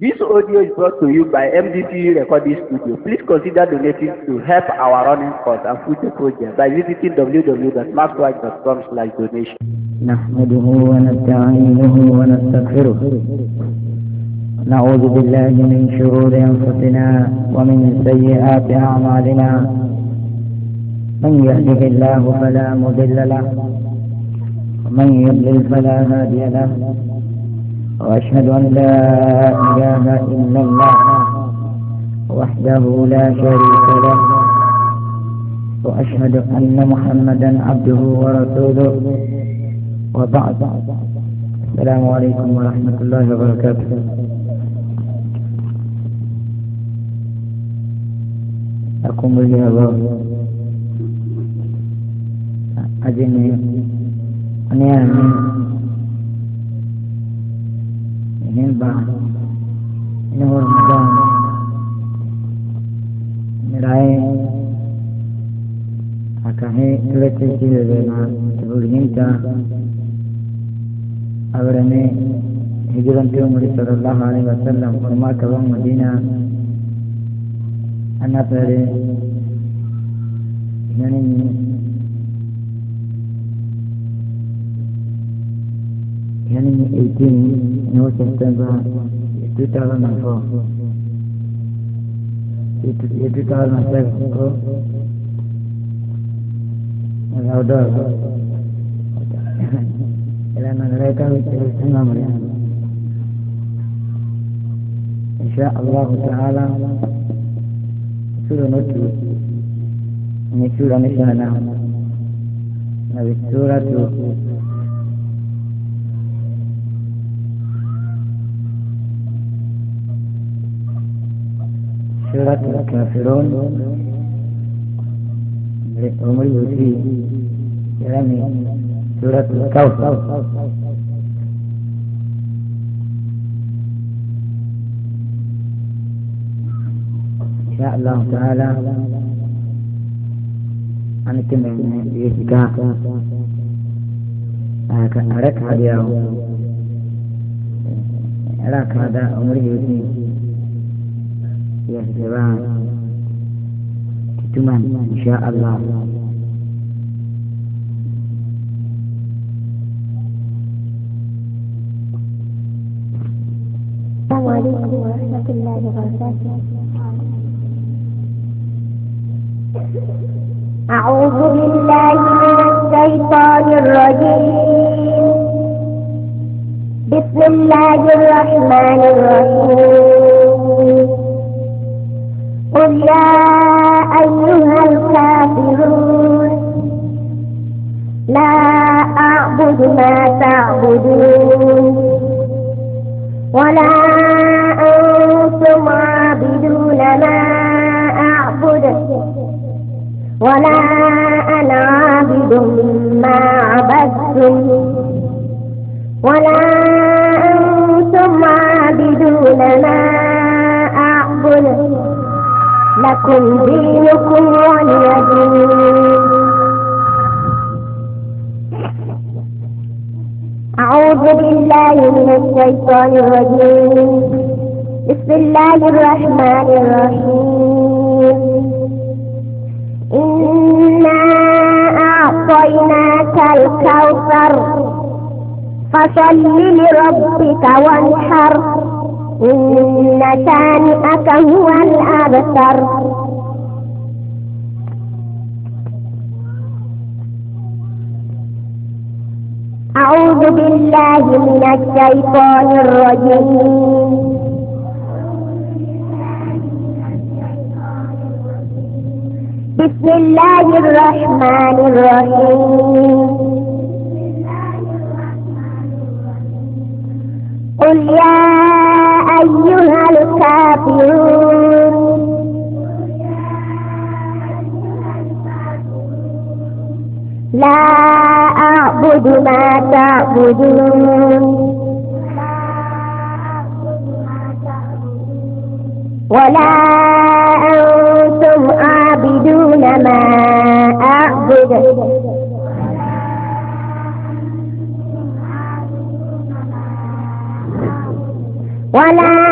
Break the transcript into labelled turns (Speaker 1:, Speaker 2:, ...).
Speaker 1: This audio is brought to you by MDPU Recording Studio. Please consider donating to help
Speaker 2: our running costs and future projects by visiting www.maxwatch.com slash donation.
Speaker 1: نحمده ونستعينه ونستغفره
Speaker 2: نعوذ بالله من شرور أنفسنا ومن سيئات أعمالنا من يهده الله فلا مضل له ومن يضلل فلا هادي له وأشهد أن لا إله إلا الله وحده لا شريك له وأشهد أن محمدا عبده ورسوله وبعد السلام عليكم ورحمة الله وبركاته أقوم الله أجني أني أمين kahe lete chile de na tibulginta abrame hijrante umri sallallahu alaihi wasallam kurma kawam madina anna pere yani yani 18 no september 2004 2007 को الأودار لأن أنا لا يتعود الإمام الآن إن شاء الله تعالى سورة نتلو نتلو نشانا هذه السورة سورة الكافرون عمره في كلام سورة الكوثر إن شاء الله تعالى أنا كم يشكى أرك هذا أرك هذا عمره في يشكى الجمعة إن شاء الله
Speaker 1: السلام عليكم ورحمة الله وبركاته أعوذ بالله من الشيطان الرجيم بسم الله الرحمن الرحيم قل يا أيها كافرون لا أعبد ما تعبدون ولا أنتم عابدون ما أعبد ولا أنا عابد ما عبدتم ولا أنتم عابدون ما أعبد لكم دينكم ولي دين أعوذ بالله من الشيطان الرجيم بسم الله الرحمن الرحيم إنا أعطيناك الكوثر فصل لربك وانحر إن شانئك هو الأبتر أعوذ بالله من الشيطان الرجيم بسم الله الرحمن الرحيم أعبد ما تعبدون ولا أنتم عابدون ما أعبد ولا